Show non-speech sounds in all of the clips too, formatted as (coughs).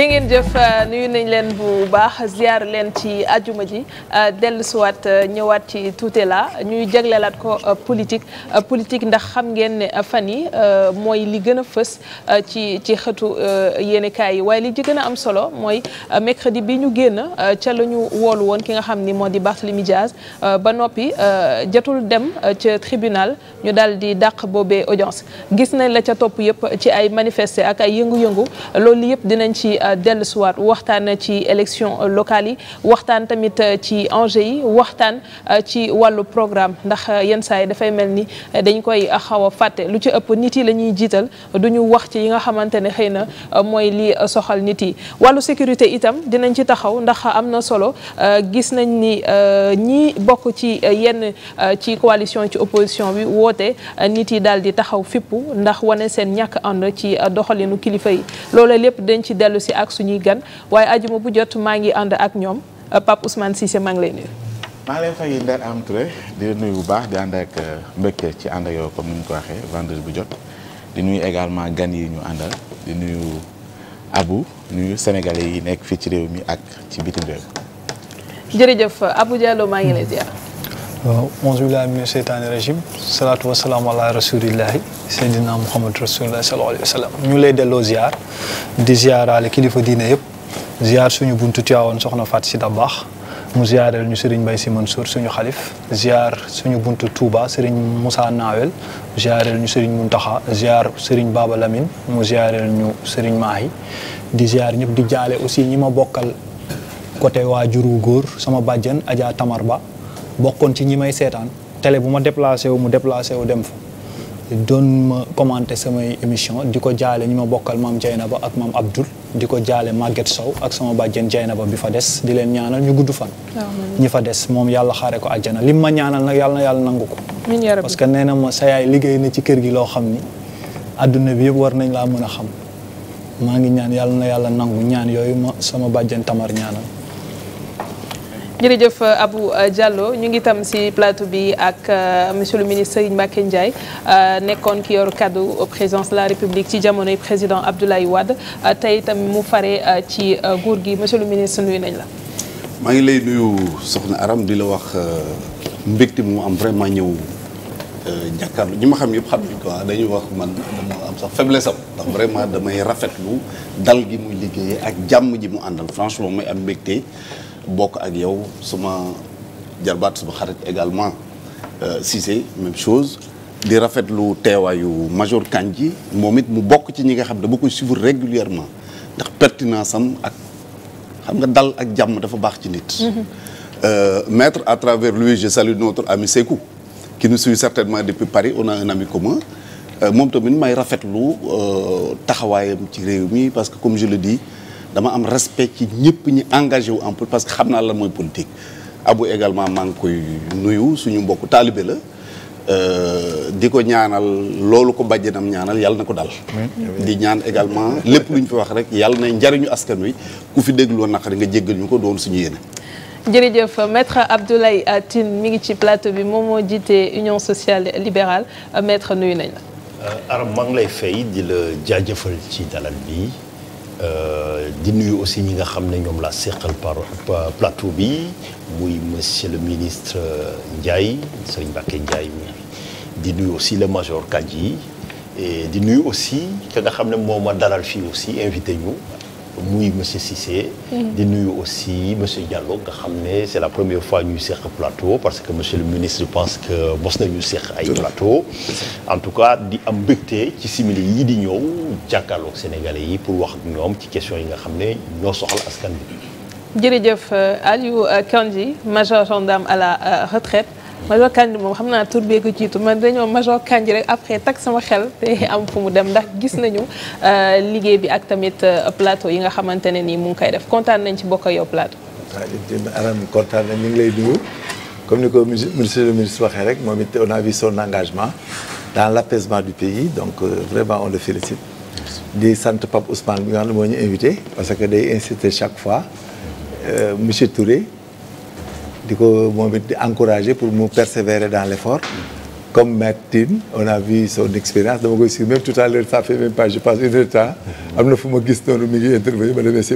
jërë ngeen jëf euh, nuyu nañ leen bu baax ziar leen ci ajuma ji euh, dellusiwaat euh, ñëwaat ci tuute la ñuy jagleelaat ko politique politique ndax xam ngeen ne fan yi mooy li gën a fës ci ci xëtu yéenekaay yi waaye li ci gën a am solo mooy mercredi bi ñu génn ca la ñu woolu woon ki nga xam ni moo di Barthélemy Diaz ba noppi jotul dem ca tribunal ñu daal di dàq boobee audience gis nañ la ca topp yëpp ci ay manifester ak ay yëngu-yëngu loolu yëpp dinañ ci. dellusiwaat waxtaan ci élection locales yi waxtaan tamit euh, ci enjeux yi waxtaan euh, ci wàllu programme ndax euh, yenn saa yi dafay mel ni dañ koy xaw a fàtte lu ci ëpp nit yi la ñuy jiital du ñu wax ci yi nga xamante ne xëy na mooy li soxal nit yi wàllu sécurité itam dinañ ci taxaw ndax am na solo gis nañ ni ñi bokk ci yenn ci coalition ci opposition bi woote nit yi daal di taxaw fippu ndax wane seen ñàkk ànd ci doxalinu kilifa yi loolu lépp dañ ci dellu si ak suñuy gan waaye ajuma bu jot maa ngi ànd ak ñoom Pape Ousmane Cissé maa ngi lay maa ngi lay fay Ndeye Am Touré di nuyu bu baax di ànd ak euh, mbégte ci ànd ak yow comme ko waxee vendredi bu jot di nuyu également gan yi ñu àndal di nuyu Abou nuyu sénégalais yi nekk fii ci réew mi ak ci bitim réew. jërëjëf Abou Diallo maa ngi lay ziar. waaw onze billahi mina seytaani rajim salaatu wasalaamu ala rasulillahi seydina muhammad rasulillahi sallallahu alayhi wa sallam ñu lay delloo ziar di ziaraale kilifa diine yëpp ziar suñu buntu Tiwaawoon soxna Faat si Dabaax mu ziareel ñu Serigne Mbaye Sy Mansour suñu xalif ziar suñu buntu Touba Serigne Moussa Nawel ziareel ñu Serigne Muntaxa ziar Serigne Baba Lamine mu ziareel ñu Serigne Mahi di ziar ñëpp di jaale aussi ñi ma bokkal côté waajuru góor sama bàjjen Adja Tamar Ba bokkoon ci ñi may seetaan télé bu ma déplacé wu mu déplacé wu dem fa doon ma commenté samay émission di ko jaale ñi ma bokkal maam ba ak maam Abdoul di ko jaale màgget Sow ak sama bàjjen Dieynaba bi fa des di leen ñaanal ñu gudd fan ñi fa des moom yàlla xaare ko àjjana lim ma ñaanal nag yàlla yàlla nangu ko parce que nee na ma sa yaay liggéey na ci kër gi loo xam ni àdduna bi yëpp war nañ laa mën a xam maa ngi ñaan yàlla na yàlla nangu ñaan yooyu ma sama bàjjen Tamar jërëjëf abu euh, Diallo ñu ngi tam si plateau bi ak euh, monsieur le ministre Serigne Mbacké Ndiaye euh, nekkoon ki yor kaddu présidence de la République ci jamonoy président Abdoulaye wadd tey itam mu fare ci nguur gi monsieur le ministre nuyu nañ la. maa ngi lay nuyu soxna Aram di la wax mbégte mu am vraiment ñëw. jàkkaarlu ñu ma xam yëpp xam nañ ko ah, dañuy wax man dama am sax vraiment damay rafetlu dal gi muy liggéeyee ak jàmm ji mu àndal franchement muy am mbégte bokk ak yow suma jarbaat suma xarit également euh, Cissé même chose di rafetlu teewaayu major Kandji moom it mu bokk ci ñi nga xam dama koy suivre régulièrement ndax pertinence am ak xam nga dal ak jàmm dafa baax ci nit mhm. euh, maître à travers lui je salue notre ami Sékou qui nous suit certainement depuis Paris on a un ami commun euh, moom tamit may rafetlu taxawaayam ci réew mi parce que comme je le dis dama am respect ci ñëpp ñi engagé wu en politique parce que xam naa la mooy politique. Abu également maa ngi koy nuyu suñu mbokku taalibe la euh, di ko ñaanal loolu ko bàjjenam ñaanal yàlla na ko dal. di ñaan également lépp lu ñu fi wax rek yàlla na njariñu askan wi ku fi déglu woon naqari nga jéggal ñu ko doon suñu yéene. jërëjëf maître Abdoulaye Tine mi ngi ci plateau bi moom moo jiite union sociale libérale euh, maître nuyu nañ la. Euh, maa ngi lay fay di la jaajëfal ci dalal Euh, di nuyu aussi ñi nga xam ne ñoom laa seqal par plateau bi muy monsieur le ministre euh, Ndiaye Serigne Mbacké Ndiaye di nuyu aussi le major Kandji yi di nuyu aussi ki nga xam ne moo ma dalal fii aussi invité ñu. muy monsieur Cissé. Mm-hmm. di nuyu aussi monsieur Diallo nga xam ne c'est la première fois ñuy seq plateau parce que monsieur le ministre je pense que mos nañu seq ay plateau en tout cas di am mbégte ci simili yi di ñëw jàkkaarloog sénégalais yi pour wax ak ñoom ci question yi nga xam ne ñoo soxla askan bi jërëjëf euh, Aliou euh, Kandji major gendarme à la euh, retraite major Kandji moom xam naa tur bee ko jiitu man dañoo major Kandji rek après tak sama xel te am fu mu dem ndax gis nañu euh, liggéey bi ak tamit euh, plateau yi nga xamante ne nii mu ngi koy def kontaan nañ ci bokk ak yow plateau. waaw anam kontaan nañ ngi lay nuyu comme ni ko monsieur le ministre waxee rek moom it on a vu son engagement dans l'apaisement du pays donc euh, vraiment on le félicite. di sant Pape Ousmane bi nga xam ne moo ñu invité parce que day incité chaque fois monsieur Touré. di ko moom it di encourager pour mu persévérer dans l'effort comme Maître Tine on a vu son expérience dama koy suivre même tout fait même pas je pense une heure de temps am na fu ma gis noonu mi ngi intervenir ma demee si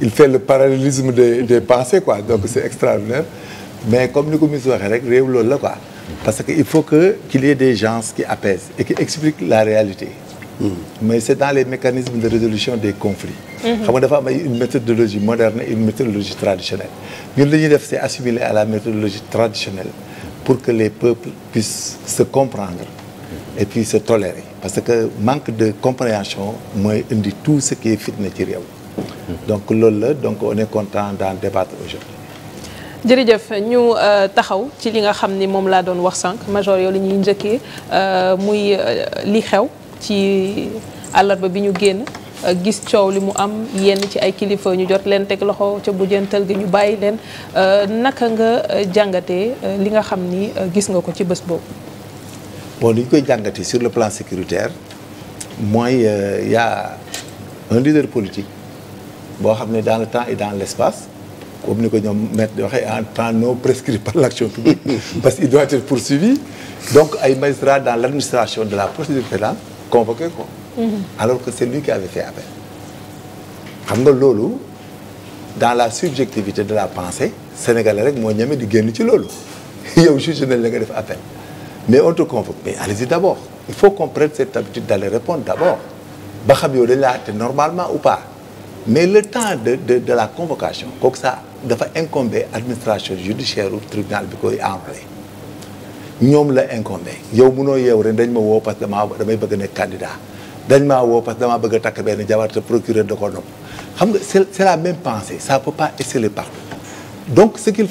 il fait le parallélisme des pensées donc c'est extraordinaire mais comme ni ko mis waxee rek réew loolu la quoi parce que il faut que qu'il y ait des gens qui apaisent et qui expliquent la réalité Mm. mais c'est dans les mécanismes de résolution des conflits mm-hmm. xam nga dafa am ay une méthodologie moderne et une méthodologie traditionnelle ñun li ñuy def se assimiler à la méthodologie traditionnelle pour que les peuples puissent se comprendre et puis se tolérer parce que manque de compréhension mooy indi tout ce qui est fitna ci réew mm-hmm. donc loolu la donc on est content d'en débattre aujourd'hui jërëjëf ñu euh, taxaw ci li nga xam ni moom laa doon wax sànq major yow li ñuy njëkkee euh, muy euh, li xew ci àllarba bi ñu génn euh, gis coow li mu am yenn ci ay kilifa ñu jot leen teg loxo ca bu jëntal ñu bàyyi leen euh, naka nga euh, jàngatee li nga xam ni gis nga ko ci bés boobu. bon li ñu koy jàngatee sur le plan sécuritaire mooy y a un leader politique boo xam ne dans le temps et dans l' espace. comme ni ko ñoom maître di waxee en temps non prescrit par l' action publique (laughs) parce qu'il doit être poursuivi donc ay magistrats dans l' administration de la procédure pénale convoqué ko. Mhm. alors que c'est lui qui avait fait appel. xam nga loolu dans la subjectivité de la pensée sénégalais rek moo ñeme di génn ci loolu (laughs) yow jugé nañ la nga def appel mais auto te convoque mais allez-y d'abord il faut qu'on prenne cette habitude d'aller répondre d'abord ba xam yow dañ la te normalement ou pas mais le temps de de de la convocation kooku sa dafa incomber administration judiciaire ou tribunal bi koy employé. ñoom la incombé yow munoo yeew rek dañ ma woo parce que damaa damay bëgg nekk candidat dañ maa woo parce que bëgg a takk benn jabar te procureur da ko nopp xam nga c'est c'est la même pensée ça peut pas exceller partout donc ce qu'il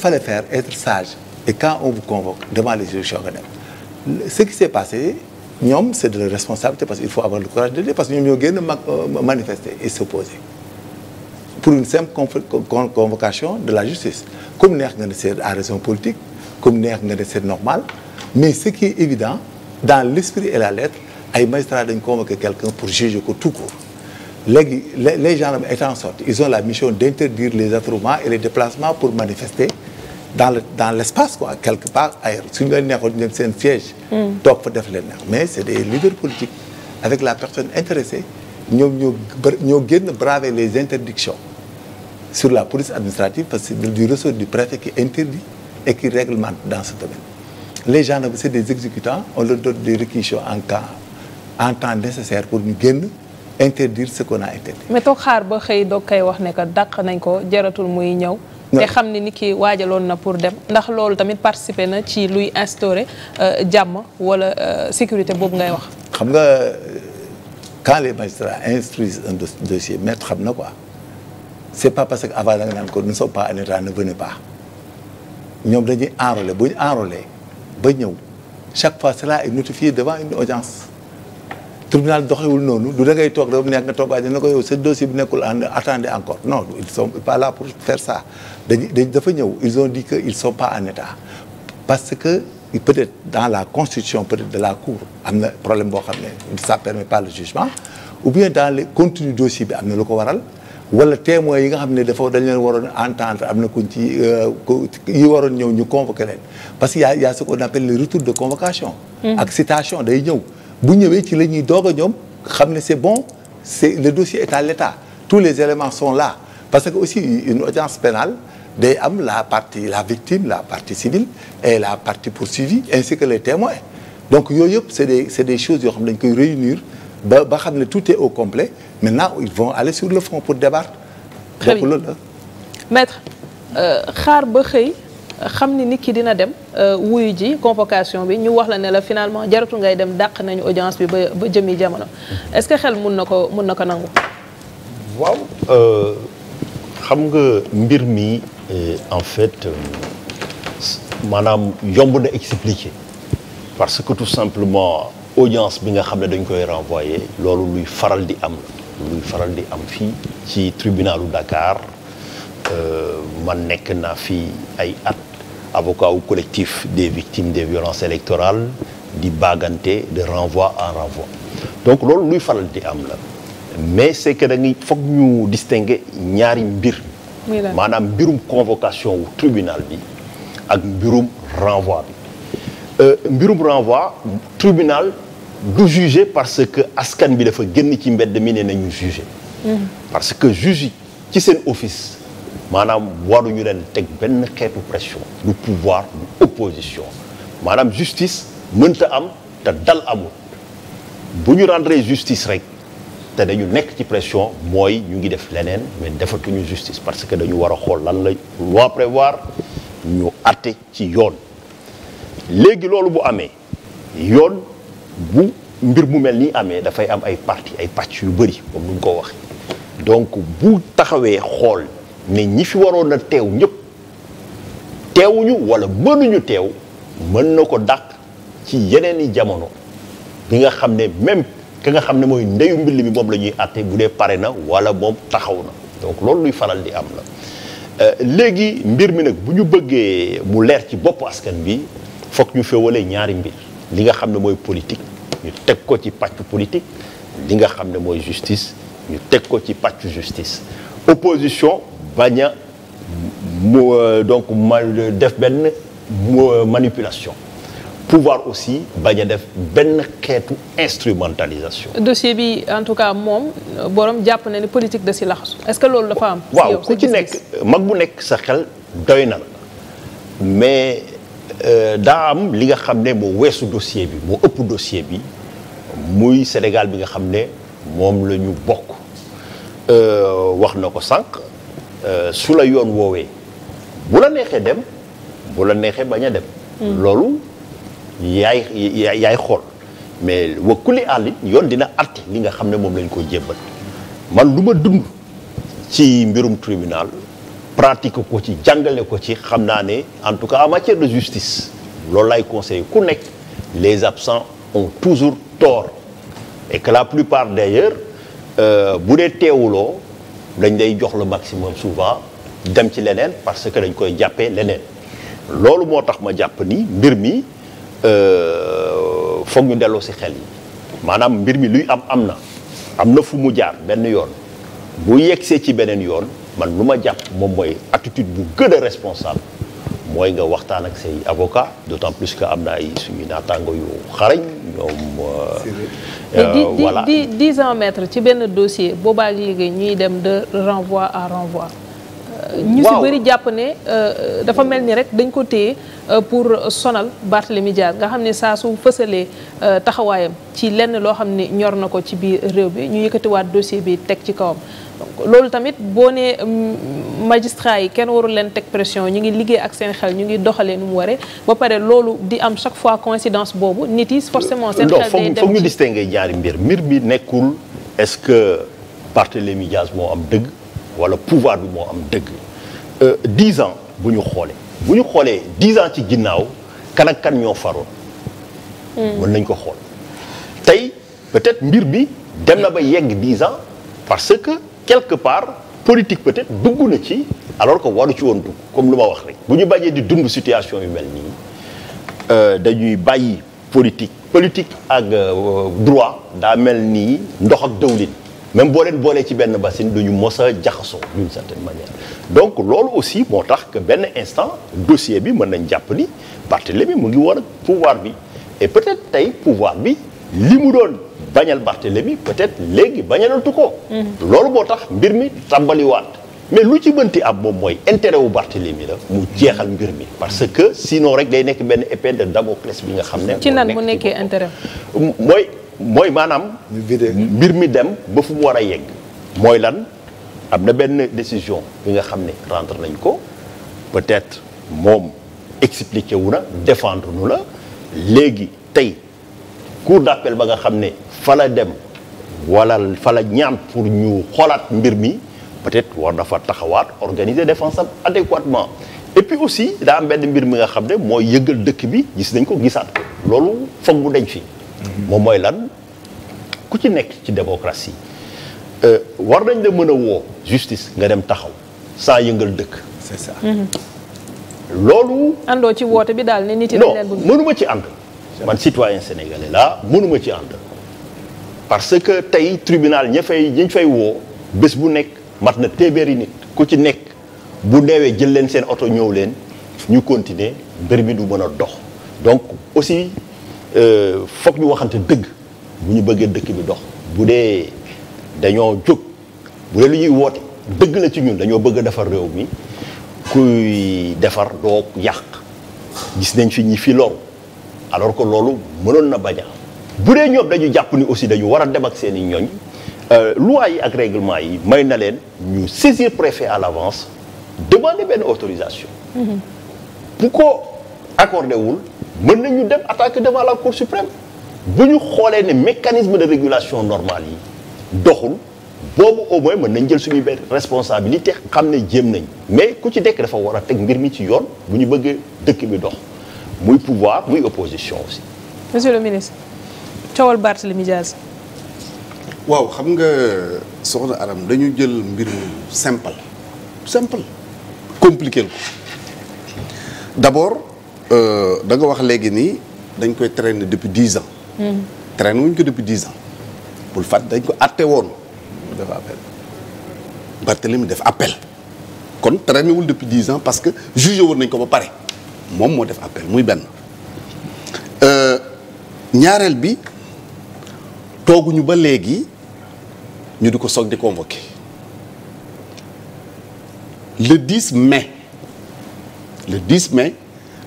et quand on vous convoque devant les juridictions nga dem ce qui s'est passé ñoom c'est de la responsabilité parce qu'il faut avoir le courage de dire parce que ñoom ñoo génn ma euh, manifester et s'opposer pour une simple convocation de la justice comme neex nga ne c'est à raison politique comme neex nga ne c'est normal mais ce qui est évident dans l'esprit et la lettre ay magistrats dañ convoquer quelqu'un pour juger ko tout court léegi les gendarmes étant sortis ils ont la mission d'interdire les attroupements et les déplacements pour manifester dans le dans l'espace quoi quelque part ailleurs suñu leen neexoon ñu dem seen siège. Mm. toog fa def leen mais c'est des leaders politiques avec la personne intéressée ñoom ñoo braver les interdictions sur la police administrative parce que c'est du ressort du préfet les gendarmes c'est des exécutants on leur donne des réquisitions en cas en temps nécessaire pour ñu génn interdire ce ko a interdit. mais toog xaar ba xëy doog koy wax ne que dàq nañ ko jaratul muy ñëw. te xam ne ni ki waajaloon na pour dem ndax loolu tamit participer na ci luy instaurer euh, jàmm wala euh, sécurité boobu ngay wax. xam nga quand les magistrats instruisent un dossier maître xam na quoi c'est pas parce que avant da nga naan ko nous ne sommes pas en état ne venez pas ñoom dañuy enrôler bu ñu enrôler ba ñëw chaque fois cela est notifié devant une audience tribunal doxewul noonu du da ngay toog rek nekk nga toog waaye ne ko yow ce dossier bi nekkul en attendez encore non ils sont pas là pour faire ça dañuy dañ dafa ñëw ils ont dit que ils sont pas en état parce que peut-être dans la constitution peut-être de la cour am na problème boo xam ne ça permet pas le jugement ou bien dans les contenus dossier bi am na lu ko waral wala témoins yi nga xam ne dafa dañ leen waroon entendre am na kuñ ci euh, yi waroon ñëw ñu convoqué leen parce que y a y a ce qu'on appelle le retour de convocation mm. ak day ñëw bu ñëwee ci la ñuy doog a ñoom xam ne c'est bon c'est le dossier est à l'état tous les éléments sont là parce que aussi une audience pénale day am la partie la victime la partie civile et la partie poursuivie ainsi que les témoins donc yooyu yëpp c'est des c'est yoo xam ne dañ koy réunir ba xam ne tout est au complet maintenant ils vont aller sur le fond pour débattre. donc loolu la. maître euh, xaar ba xëy xam ni nit ki dina dem euh, wuyu ji convocation bi ñu wax la ne la finalement jaratu ngay dem dàq nañu audience bi ba ba jëmi jamono est-ce que xel mun na ko mun na ko nangu. waaw euh, xam nga mbir mi en fait maanaam yomb na expliquer parce que tout simplement. audience bi nga xam ne dañ koy renvoyé loolu luy faral di am luy faral di am fii ci tribunalu Dakar euh, man nekk naa fi ay at avocat wu collectif de victimes des violences électorales di baagante de renvoi en renvoi donc loolu luy faral di am la mais c'est que da ngay foog ñu distinguer ñaari mbir maanaam mbirum convocation wu tribunal bi ak mbirum renvoi bi Euh, mbirum renvoi tribunal du jugé parce que askan bi dafa génn ci mbedd mi ne nañu jugé parce que juge ci seen office maanaam waruñu leen teg benn xeetu pression du pouvoir du opposition maanaam justice mënta am te dal amul bu ñu rendre justice rek te dañu nekk ci pression mooy ñu ngi def leneen mais defatuñu justice parce que dañu war a xool lan la loi prévoir ñu àtte ci yoon léegi loolu bu amee yoon bu mbir mu mel nii amee dafay am ay parti ay pàcc yu bëri comme nu ko wax donc bu taxawee xool ne ñi fi waroon a teew ñëpp teewuñu wala mënuñu teew mën na ko daq ci yeneen i jamono bi nga xam ne même ka nga xam ne mooy ndeyu mbill mi moom lañuy ñuy bu dee pare na wala moom taxaw na donc loolu luy faral di am la euh, léegi mbir mi nag bu ñu bëggee mu leer ci bopp askan bi foog ñu féewalee ñaari mbir li nga xam ne mooy politique ñu teg ko ci pàccu politique li nga xam ne mooy justice ñu teg ko ci pàccu justice opposition bañ euh, donc mal def benn euh, manipulation pouvoir aussi bañ a def benn xeetu instrumentalisation. dossier bi en tout cas moom boroom jàpp na ni politique da si laxasu. est-ce que loolu dafa am. waaw ku ci nekk mag bu nekk sa xel doy na la mais. Euh, daa am li nga xam ne moo weesu dossier bi moo ëpp dossier bi muy Sénégal bi nga xam ne moom la ñu bokk euh, wax na ko sànq euh, su la yoon woowee bu la neexee dem bu la neexee bañ a dem hmm. loolu yaay yaay xool mais wakkuli àllit yoon dina àtte li nga xam ne moom lañ koy jébbal man lu ma dund ci mbirum tribunal pratique ko ci jàngale ko ci xam naa ne en tout cas en matière de justice loolu lay conseil ku nekk les absents ont toujours tort et que la plupart d'ailleurs euh, bu dee teewuloo dañ lay jox lu maximum souvent dem ci leneen parce que dañ koy jàppee leneen loolu moo tax ma jàpp ni mbir mi euh, foog ñu delloo si xel yi maanaam mbir mi luy am am na am na fu mu jaar benn yoon bu yegsee ci beneen yoon man lu ma jàpp moom mooy attitude bu gën responsable mooy nga waxtaan ak say avocat d'autant plus que am na ay suñu naataango yu xarañ ñoom. Euh, voilà di di dix ans ci benn dossier boobaak liggéey ñuy dem de renvoi à renvoi. ñu si bëri jàpp ne euh, dafa mel ni rek dañ ko téye euh, pour sonal Barthélemy Dias nga xam ne saa su fësalee euh, taxawaayam ci lenn loo xam ne ñor na ko ci biir réew bi ñu yëkkatiwaat dossier bi teg ci kawam. loolu tamit boo nee mm, magistrat yi kenn warul leen teg pression ñu ngi liggéey ak seen xel ñu ngi doxalee nu mu waree ba pare loolu di am chaque fois coïncidence boobu nit yi forcément. seen xel day dem foog ñu distinguer mbir mbir bi nekkul est-ce que Barthélemy Dias moo am dëgg wala pouvoir moo am dëgg. Euh, dix ans bu ñu xoolee bu ñu xoolee dix ans ci ginnaaw kan kan ñoo faroon. Hmm. mën nañ ko xool tey peut-être mbir bi dem na ba yegg dix ans parce que quelque part politique peut-être dugg na ci alors que waru ci woon dugg comme lu ma wax rek bu ñu bàjjee di dund situation yu mel nii euh, dañuy bàyyi politique politique ak euh, droit daa mel nii ndox ak dëwlin même boo leen boolee ci benn bassine duñu mos a jaxasoo d'une certaine manière donc loolu aussi moo tax que benn instant dossier bi mën nañ jàpp ni Barthélemy mu ngi war ak pouvoir bi et peut-être tey pouvoir bi li mu doon bañal Barthélemy peut-être léegi bañalatu ko. Mm-hmm. loolu moo tax mbir mi tàmbaliwaat. mais lu ci bënti ab moom mooy intérêt wu Barthélemy la mu jeexal mbir mi parce que sinon rek day nekk benn épée de Damoclès bi nga xam ne. ci nan mu nekkee intérêt mooy. mooy maanaam. mbir mi dem ba fu mu war a yegg. mooy lan am na benn décision bi nga xam ne rendre nañ ko peut-être moom expliqué wu na défendre nu la léegi tey cour d'appel ba nga xam ne fa la dem wala fa la ñaan pour ñu xoolaat mbir mi peut-être war na fa taxawaat organiser défense am adéquatement et aussi daa am benn mbir mi nga xam ne mooy yëggal dëkk bi gis nañ ko gisaat ko loolu foog mu deñ fi. moom mooy lan ku ci nekk ci démocratie euh, war nañ la mën a woo justice nga dem taxaw sans yëngal dëkk. c'est mhm. loolu. àndoo ci woote bi daal ne nit yi non mënuma ci ànd. man citoyen sénégalais laa mënuma ci ànd. parce que tey tribunal ña fay ñi fay woo bés bu nekk mat na téeméeri nit ku ci nekk bu deewee jël leen seen oto ñëw leen ñu continuer mbir mi du mën a dox donc aussi. Euh, foog ñu waxante dëgg bu ñu bëggee dëkk bi dox bu dee dañoo jóg bu dee lu ñuy woote dëgg la ci ñun dañoo bëgg a defar réew mi kuy defar doo yàq gis nañ fi ñi fi loru alors que loolu mënoon na bañ a bu dee ñoom dañu jàpp ni aussi dañu war a dem ak seeni i ñooñ euh, loi yi ak règlement yi may na leen ñu saisir préfet à l'avance demander benn autorisation mm-hmm. bu ko accordé mën nañu dem attaquer devant la cour suprême bu ñu xoolee ne mécanisme de régulation normale yi doxul boobu au moins mën nañ jël suñu benn responsabilité xam ne jéem nañ mais ku ci dekk dafa war a teg mbir mi ci yoon bu ñu bëggee dëkk bi dox muy pouvoir muy opposition aussi. monsieur le ministre coowal Barthélémy Dias. waaw xam nga soxna Aram dañu jël mbir mu simple simple compliqué ko Euh, da nga wax léegi nii dañ koy traîner depuis dix ans. Hmm. traîner wuñ ko depuis dix ans bul fàtt dañ ko àtte woon mu def appel Barthélemy def appel kon traîner wul depuis dix ans parce que jugé woon nañ ko ba pare moom moo def appel muy benn euh, ñaareel bi tooguñu ba léegi ñu du ko soog di convoqué le 10 mai le 10 mai.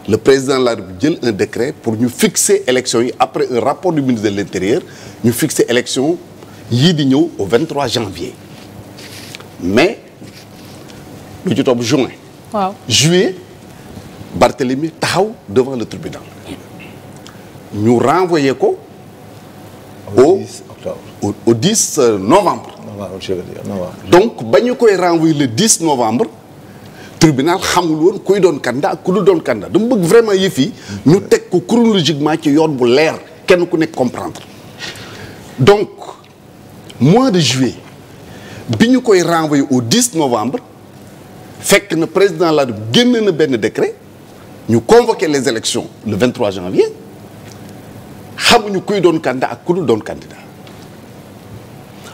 le président de la République jël un décret pour ñu fixer élection yi après un rapport du ministre de l'intérieur ñu fixer élection yii di ñëw au 23 janvier mais lu ci topp juin. waaw juillet Barthélemy taxaw devant le tribunal ñu renvoyé ko. au 10 octobre au, au euh, novembre. donc ba ñu koy renvoyer le novembre. tribunal xamul woon kuy doon candidat ak ku dul doon candidat dama bëgg vraiment yëf yi ñu teg ko chronologiquement ci yoon bu leer kenn ku nekk comprendre donc mois de juillet bi ñu koy renvoyé au 10 novembre fekk na président la génn na benn décret ñu convoqué les élections le 23 janvier xamuñu kuy doon candidat ak ku dul doon candidat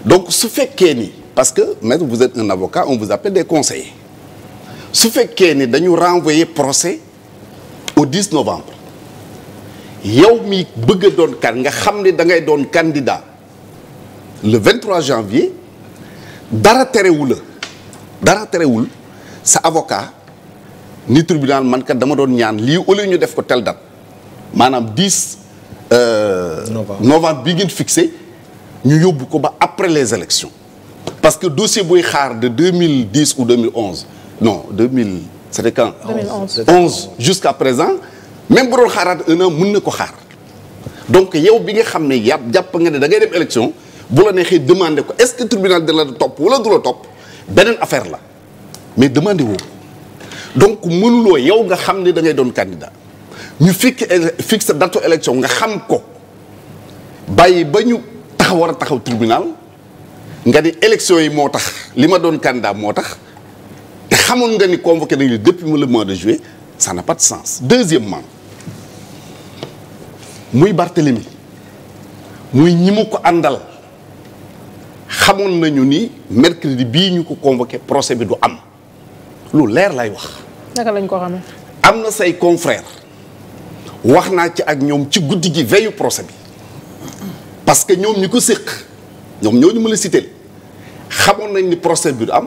donc su fekkee ni parce que maître vous êtes un avocat on vous appelle des conseillers su fekkee ni dañu renvoyer procès au 10 novembre yow mi bëgg doon kan nga xam ni da ngay doon candidat le 23 janvier dara terewu la dara terewul sa avocat ni tribunal man kat dama doon ñaan lii au ñu def ko tel date maanaam 10 euh, novembre bi gën fixé ñu yóbbu ko ba après les élections parce que dossier buy xaar de 2010 ou 2011 non 2000 c'était quand 2011 11 jusqu'à présent même bu doon xaaraat un mun mën na ko xaar donc yow bi nga xam ne yàpp jàpp nga ne da ngay dem élection bu la neexee demandé ko est-ce que tribunal de la topp wala du la topp beneen affaire la mais demande woo donc mënuloo yow nga xam ne dangay ngay doon candidat ñu fixe fixe date élection nga xam ko bàyyi ba ñu tax a taxaw tribunal nga ne élection yi moo tax li ma doon candidat moo tax xamoon nga ni convoqué nañu depuis le mois de juillet ça n'a pas de sens deuxièmement muy Barthélemy muy ñi mu ko àndal xamoon nañu ni mercredi bii ñu ko convoqué procès bi du am lu leer lay wax. naka lañ ko xamee. am na say confrères wax naa ci ak ñoom ci guddi gi veillu procès bi parce que ñoom ñu ko séq ñoom ñoo ñu mën a cité xamoon nañ ni procès bi du am.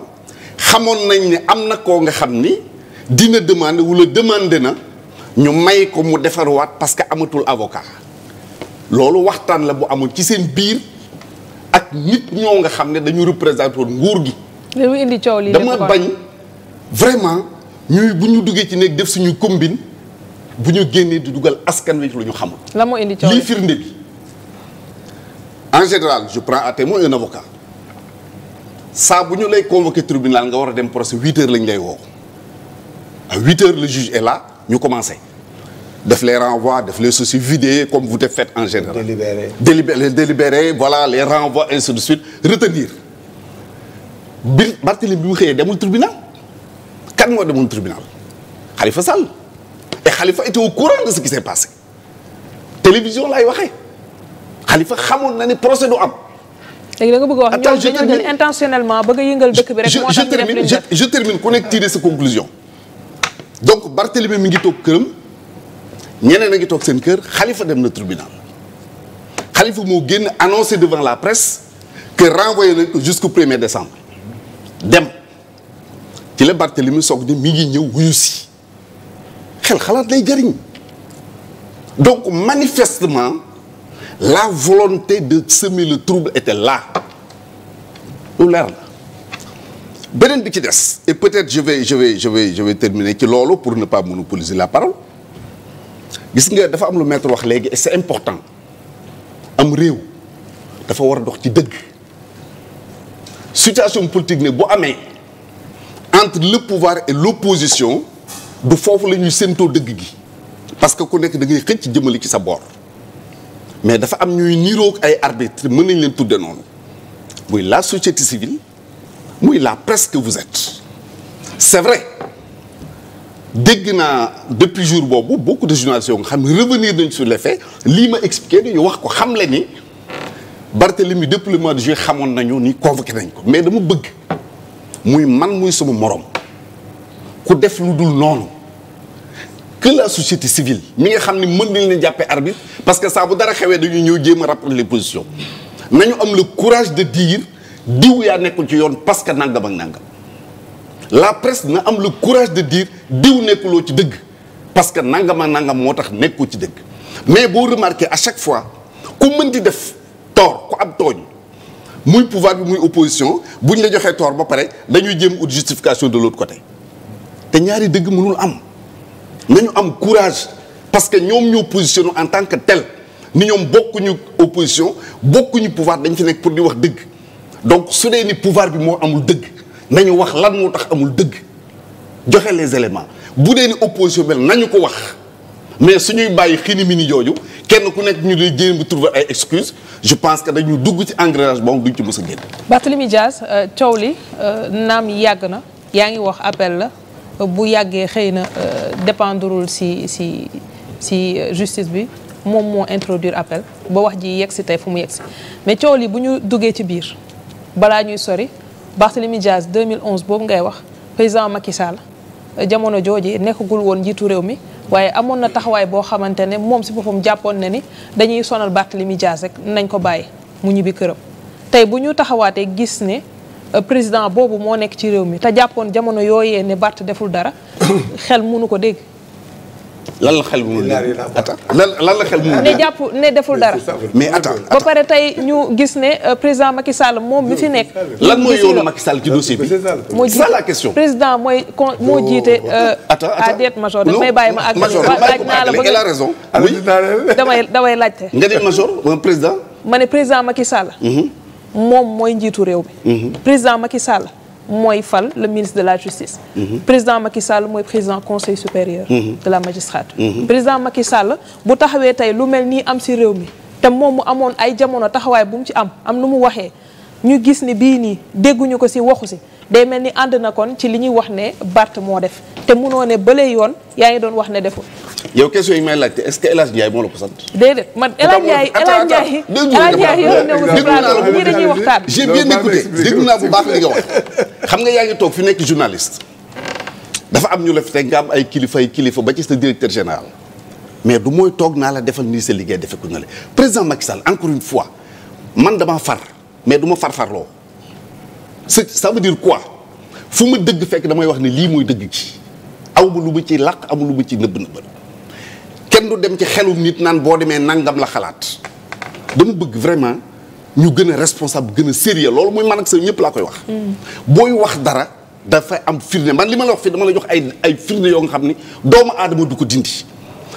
amoon nañ ne am na koo nga xam ni dina demander wala demander na ñu may ko mu defarwaat parce que amatul avocat loolu waxtaan la bu amul ci seen biir ak nit ñoo nga xam ne dañu représenté woon nguur gi. indi coow li dama bañ vraiment ñuy bu ñu duggee ci néeg def suñu combine bu ñu génnee di dugal askan wi lu ñu xamul. la moo indi coow li firnde bi en général je prends à témoin un avocat. saa bu ñu lay convoqué tribunal nga war a dem procès huit heures lañ lay woo à huit heures le juge est la ñu commencé def les renvois def les soucis vidés comme vous le faites en général. délibéré délibéré délibéré voilà les renvois ainsi de suite retenir bi Barthélémy bi mu xëyee demul tribunal kan moo demul tribunal Khalifa Sall et Khalifa était au courant de ce qui s'est passé télévision laay waxee Khalifa xamoon na ni procès du am. léegi da nga bëgg wax ñoom dañoo jël intentionnellement bëgg a yëngal dëkk bi rek moo tax ñu def li ñu def termine ku nekk tirer sa conclusion donc Barthélemy mi ngi toog këram ñeneen a ngi toog seen kër Khalifa dem na tribunal Khalifa moo génn annoncé devant la presse que renvoyé nañ ko jusqu'au premier décembre dem ci la Barthélemy soog ni mi ngi ñëw wuyu si xel xalaat lay jariñ donc manifestement la volonté de semer le trouble était là lu leer la beneen bi ci des et peut-être je vais je vais je vais je vais terminer ci loolu pour ne pas monopoliser là parole gis nga dafa am lu maître wax léegi et c'est important am réew dafa war a dox ci dëgg situation politique ne bu amee entre le pouvoir et l'opposition du foofu la ñuy séentoo dëgg gi parce que ku nekk da ngay xëcc jëmmali ci sa boor mais dafa am ñuy niroog ay arbitre mën nañ leen tudde noonu muy la société civile muy la presque que vous êtes c'est vrai dégg naa depuis jours boobu beaucoup de journalistes yoo nga xam revenir nañ su les faits lii ma expliqué dañu wax ko xam le ni Barthélemy depuis le mois de juillet xamoon nañu ni convoqué nañ ko mais dama bëgg muy man muy sama moroom ku def lu dul noonu que la société civile mi nga xam ne mën nañ leen jàppee arbitre parce que saa bu dara xewee dañuy ñëw jéem a rappeler les nañu am le courage de dire diw yaa nekkul ci yoon parce que nangam ak nangam la presse na am le courage de diir diw nekkuloo ci dëgg parce que nangam nangam moo tax nekkul ci dëgg mais boo remarqué à chaque fois ku mën di def tort ku am tooñ muy pouvoir bi muy opposition bu ñu la joxee tort ba pare dañuy jéem ut justification de l'autre côté te ñaari dëgg mënul am. nañu am courage parce que ñoom ñoo positionné en tant que tel ni ñoom bokkuñu opposition bokkuñu pouvoir dañu fi nekk pour ñu wax dëgg donc su dee ni pouvoir bi moo amul dëgg nañu wax lan moo tax amul dëgg joxe les éléments bu dee ni opposition bi nañu ko wax mais suñuy bàyyi xini mini jooju kenn ku nekk ñu di jéem a ay excuses je pense que dañu dugg ci engrenage boobu duñ ci mës a génn. Barthélémy Dias euh, coow li euh, naam yàgg na yaa ngi wax appel la. bu yàggee xëy na euh, dépendrul si si si justice bi moom moo introduire appel ba wax ji yegg si tey fu mu yegg si mais coow li bu ñu duggee ci biir balaa ñuy sori Barthélemy Diaz 2011 boobu ngay wax président Macky Sall euh, jamono jooji nekkagul woon njiitu réew mi waaye amoon na taxawaay boo xamante ne moom si boppam jàppoon na ni dañuy sonal Barthélemy Diaz rek nañ ko bàyyi mu ñibbi këram tey bu ñu taxawaatee gis ne. Euh, président boobu moo nekk ci réew mi te jàppoon jamono yooyee ne Barth deful dara (coughs) xel munu ko dégg. lan la xel mënul atta lan lan la xel mënul ne jàpp ne deful dara mais atta ba pare tey ñu gis ne euh, président Macky Sall moom mi fi nekk. lan mooy yoonu Macky ci dossier bi. moo jiite la président mooy con moo jiite. atta atta adet major daf bàyyi ma àgg. laaj naa la a raison. Ah, damay damay laajte. nga ne major président. ma ne président Macky Sall. Mm-hmm. moom mooy njiitu réew bi mhm. président Macky Sall mooy fal le ministre de la justice mhm. président Macky Sall mooy président conseil supérieur mhm. de la magistrature président Macky Sall bu taxawee tey lu mel nii am si réew mi te moom mu amoon ay jamono taxawaay bu mu ci am am nu mu waxee ñu gis ni bii nii dégguñu ko si waxu si day mel ni ànd na kon ci li ñuy wax ne Barth moo def te munoo ne bële yoon yaa ngi doon wax ne deful. yow question yi may laajte est-ce que El Hadj Ndiaye moo la ko sant. déedéet man El Hadj Ndiaye El Hadj Ndiaye. déglu dañuy waxtaan. j'ai bien xam nga yaa ngi toog fi nekk journaliste. dafa am ñu la fi nga am ay kilifa kilifa ba ci sa directeur général. mais du mooy toog naa la defal nii sa liggéey defeku na la président Macky Sall encore une fois man dama far mais du ma farfarloo ça veut dire quoi fu ma dëgg fekk damay wax ni lii mooy dëgg ci aw ma lu ma ci làq aw ma lu ma ci nëbb nëbbal kenn du dem ci xelum nit naan boo demee nangam la xalaat dama bëgg vraiment ñu gën a responsable gën a sérieux loolu mooy man ak sa ñëpp laa koy wax. Mm. booy wax dara dafa am firnde man li ma la wax fii dama la jox ay ay firnde yoo nga xam ni doomu aadama du ko dindi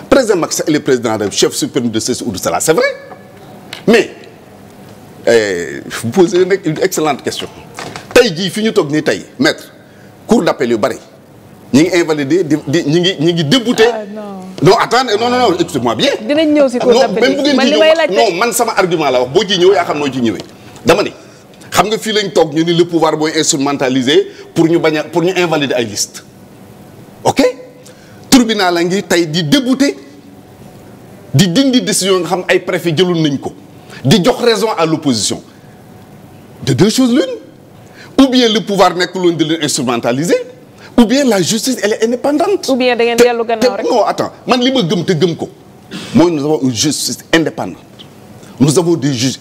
président Macky Sall le président de chef suprême de ceci ou de cela c'est vrai mais eh, vous tey jii fi ñu toog nii tey maître cour d'appel yu bari ñi ngi invalider di di ñi ngi ñi ngi débouté. Ah, non attendez non non non excuse bi bien. ñëw si cour d'appel non même bu ngeen non man sama argument la wax boo ci ñëw yaa xam noo ci ñëwee. dama ni xam nga fii lañ toog ñu ni le pouvoir booy instrumentalisé pour ñu bañ a pour ñu invalider ay liste ok tribunal la ngi tey di débouté di dindi décision nga xam ay préfet jëlul nañ ko di jox raison à l'opposition de deux choses l'une ou bien le pouvoir nekkul woon di leen instrumentaliser ou bien la justice elle est indépendante. ou bien da ngeen man li ma gëm te gëm ko mooy nous avons une justice indépendante nous avons des juges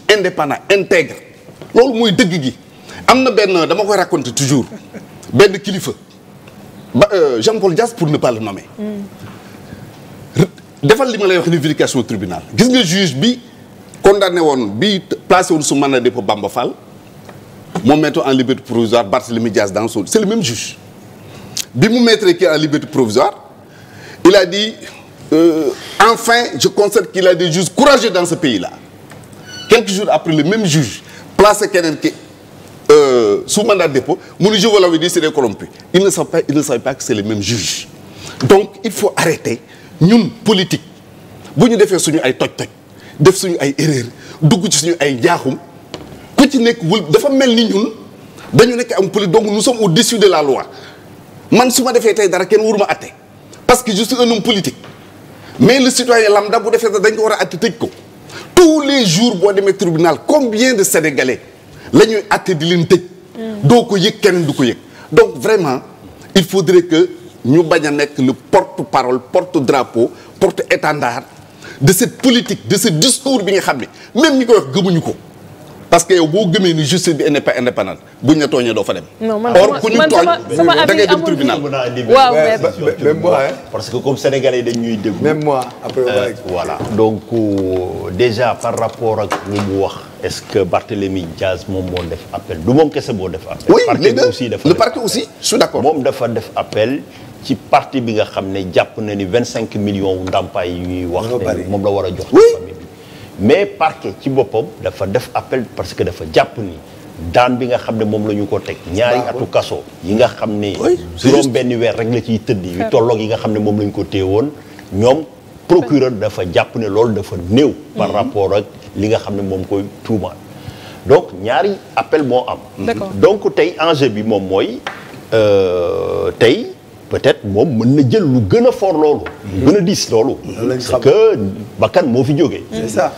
loolu mooy dëgg gi am na benn dama koy raconter toujours benn kilifa ba euh, Jean-Paul Dias pour ne pas le nommer. defal li ma lay wax vérification tribunal gis nga juge bi condamné woon bi placé woon su mandat na dépôt Bamba Fall. mu mettre en liberté provisoire Barthélemy Diaz dans son c'est le même juge bi mu mettre kii en liberté provisoire il a dit euh, enfin je constate qu'il a des juges courageux dans ce pays-là quelques jours après le même juge placé keneen ki euh, sous mandat de dépôt mu ne je vous l'avais dit c'est des corrompus il ne savait pas il que c'est le même juge donc il faut arrêter ñun politique bu ñu defee suñu ay toj-toj def suñu ay erreur dugg ci suñu ay njaaxum ku ci nekk wul dafa mel ni ñun dañu nekk am politique donc nous sommes au-dessus de la loi man su ma defee tey dara kenn waruma atte parce que je suis un homme politique mais le citoyen lambda bu defee dañ ko war a atte tëj ko tous les jours boo demee tribunal combien de sénégalais la ñuy atte di leen tëj. Mm. doo ko yëg keneen du ko yëg donc vraiment il faut faudrait que ñu bañ a nekk le porte-parole porte-drapeau porte-étendard de cette politique de ce discours bi nga xam ne même ñi ko wax ko. parce que boo gëmee ni justice bi n'est pas indépendante buñ la tooñee doo fa dem. non man or ku ñu tooñ da ngay dem parce que comme sénégalais dañ ñuy déglu. même moi après euh, voilà. donc euh, déjà par rapport ak li mu wax. est-ce que Barthélémy Diaz moom moo def appel du moom kese boo def appel. oui les deux le parquet aussi je suis d'accord. moom dafa def appel. ci parti bi nga xam ne jàpp na ni vingt cinq millions ndàmpaay yu ñuy wax. moom la war a jox. mais parquet ci boppam dafa def appel parce que dafa jàpp ni daan bi nga xam ne moom la ñu ko teg ñaari atu kaso yi nga xam ne juróom benn weer rek la ciy tëdd yu tollook yi nga xam ne moom la ko téye woon ñoom procureur dafa jàpp ne loolu dafa néew par mhm. rapport ak li nga xam ne moom koy tuumaan donc ñaari appel moo am donc tey enjeu bi moom mooy euh, tey peut-être moom mën na jël lu gën a fort loolu. Mhm. gën a diis loolu. parce que bakkan moo fi jógee. c'est ça.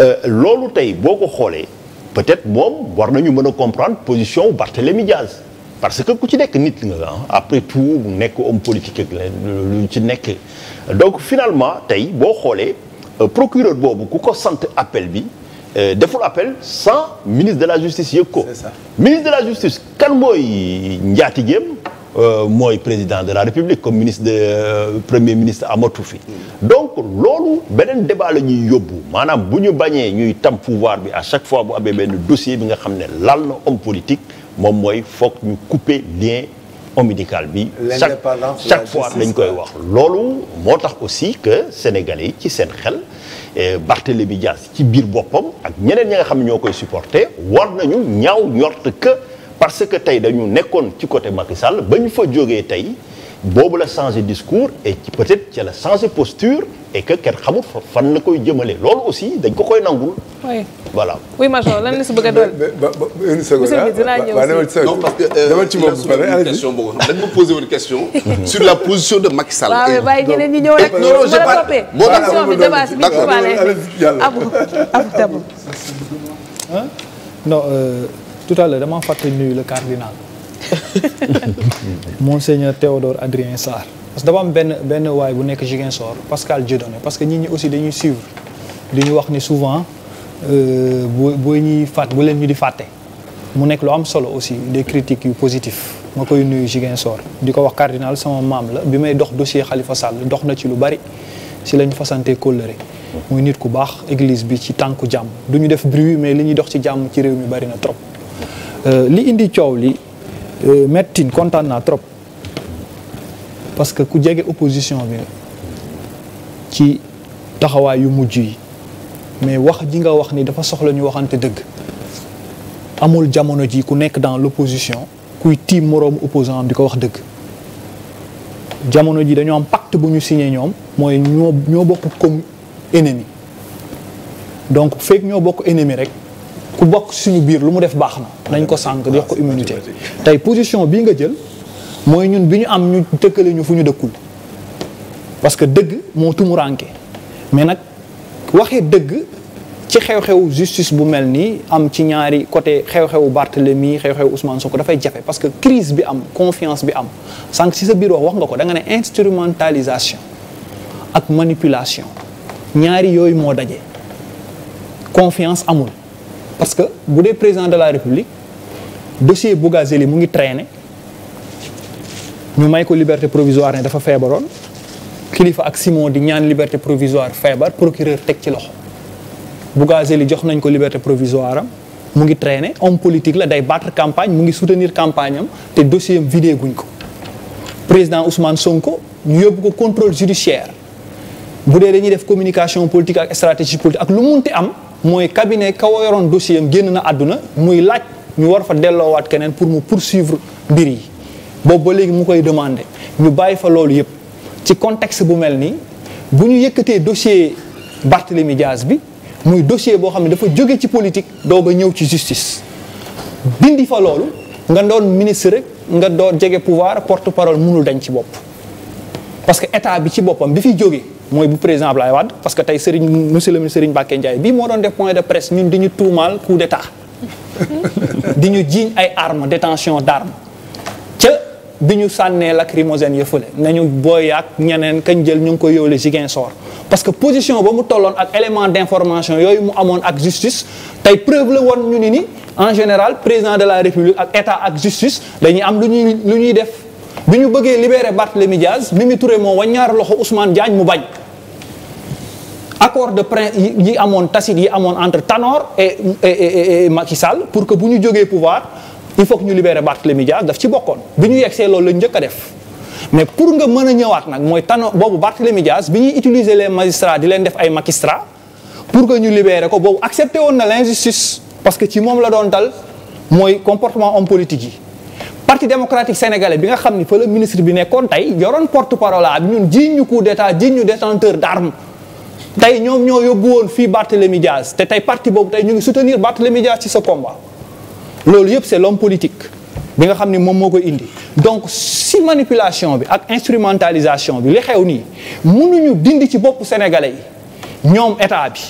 Euh, loolu tey boo ko xoolee peut-être moom war nañu mën a comprendre position Barthélémy Diaz parce que ku ci nekk nit nga après tout mu nekk homme politique ak lu ci nekk. donc finalement tey boo xoolee euh, procureur boobu ku ko sant appel bi euh, deful appel sans ministre de la justice yëg ko. c'est ça ministre de la justice kan mooy njaati njaatigeem. Euh, mooy président de la république comme ministre de euh, premier ministre amatu fi donc loolu beneen débat la ñuy yóbbu maanaam bu ñu bañee ñuy tam pouvoir bi à chaque fois bu amee benn dossier bi nga xam ne lal na homme politique moom mooy foog ñu couper lien ombilical bi chaque chaque fois dañ koy wax loolu moo tax aussi que sénégalais yi ci seen xel bi Dias ci biir boppam ak ñeneen ñi nga xam ne ñoo koy supporter war nañu ñaaw ñort que parce que tey dañu nekkoon ci côté Macky Sall ba ñu fa jógee tey boobu la changé discours et peut-être ci la changé posture et que kenn xamul fan la koy jëmale lool aussi dañ ko koy nangul. oui voilà. oui Major lan la si bëgg a doon. ba ba une seconde non parce que. Euh, demal ci moom bu paree question boobu dañ ma posé woon question. (laughs) sur la position de Macky Sall. Ah tout à l'heure damaa fàtte nuyu le cardinal (laughs) monseigneur Théodore Adrien Sarr parce que dafa am benn benn waay bu nekk Ziguinchor Pascal Dieudonné parce que nit ñi aussi dañuy suivre di ñu wax ni souvent euh, bu bu ñuy fàtt bu leen ñu di fàtte mu nekk lu am solo aussi des critiques yu positif ma koy nuyu Ziguinchor di ko wax cardinal sama maam la bi may dox dossier Khalifa Sall dox na ci lu bari si la ñu fasante kóllëre muy nit ku baax église bi ci tànku jàmm du ñu def bruit mais li ñuy dox ci jàmm ci réew mi bari na trop Euh, li indi coow li euh, mettin kontaan naa trop parce que ku jege opposition bi ci taxawaay yu mujj yi mais wax ji nga wax ni dafa soxla ñu waxante dëgg amul jamono ji ku nekk dans l'opposition kuy tiim moroomu opposant am di ko wax dëgg jamono ji dañoo am pacte bu ñu signé ñoom mooy ñoo bokk comme ennemi donc fekk ñoo bokk ennemi rek ku bokk suñu biir lu mu def baax na nañ ko sànq jox ko immunité tey position bii nga jël mooy ñun bi ñu am ñu dëkkale ñu fu ñu dëkkul parce que dëgg moo tumuranke mais nag waxee dëgg ci xew xew justice bu mel nii am ci ñaari côté xew-xewu Barthélemy xew-xewu Ousmane ko dafay jafe parce que crise bi am confiance bi am sànq si sa biir wax wax nga ko danga ne instrumentalisation ak manipulation ñaari yooyu moo daje confiance amul parce que bu dee président de la république dossier Bougazelli mu ngi traîner ñu may ko liberté provisoire ne dafa feebaroon kilifa ak Simon di ñaan liberté provisoire feebar procureur teg ci loxo Bougazelli jox nañ ko liberté provisoire am mu ngi traîner homme politique la day battre campagne mu ngi soutenir campagne am te dossier am guñ ko président Ousmane Sonko ñu yóbbu ko contrôle judiciaire bu dee dañuy def communication politique ak stratégie ak lu munti am. mooy cabinet ka wa yoroon dossier génn na àdduna muy laaj ñu war fa delloo delloowaat keneen pour mu poursuivre mbir yi boobu ba léegi mu koy demandé ñu bàyyi fa loolu yëpp ci contexte bu mel nii bu ñu yëkkatee dossier Barthélemy Diaz bi muy dossier boo xam ne dafa jóge ci politique doog a ñëw ci justice bindi fa loolu nga doon ministre rek nga doon jege pouvoir porte parole munul dañ ci bopp parce que état bi ci boppam bi fi jóge mooy bu président Abdoulaye Wade parce que tey Serigne monsieur le ministre Serigne Mbacké Ndiaye bii moo doon def point de presse ñun di ñu tuumaal coup d'état (laughs) di ñu jiiñ ay armes détention d'armes ca bi ñu sànnee lacrymogène ya fële ñu booy ak ñeneen kañ jël ñu ngi koy ko yóole Ziguinchor parce que position ba mu tolloon ak élément d'information yooyu mu amoon ak justice tey preuve la woon ñu ni nii en général président de la république ak état ak justice dañuy am lu lu ñuy def bi ñu bëggee libérer Barthélemy mi Mimi Touré moo waññaar loxo Ousmane Diagne mu bañ accord de principe yi amoon tacite yi amoon entre Tanor et et, Sall pour que bu ñu jógee pouvoir il faut que ñu libérer Barthélemy Diaz daf ci bokkoon bi ñu yegsee loolu la njëkk a def mais pour nga mën a ñëwaat nag mooy Tanor boobu Barthélemy Diaz bi ñuy utiliser les magistrats di leen def ay magistrats pour que ñu libérer ko boobu accepté woon na l'injustice parce que ci moom la doon dal mooy comportement homme politique yi parti démocratique sénégalais bi nga xam ni fa la ministre bi nekkoon tey yoroon porte parole ab ñun jiñ ñu coup d'état jiñ ñu détenteur d'armes tey ñoom ñoo yóbbu woon fii Barthélémy Diaz te tey parti boobu tey ñu ngi soutenir Barthélémy Diaz ci sa combat loolu yëpp c'est l'homme politique bi nga xam ni moom moo ko indi donc si manipulation bi ak instrumentalisation bi li xew nii mënuñu dindi ci bopp sénégalais yi ñoom état bi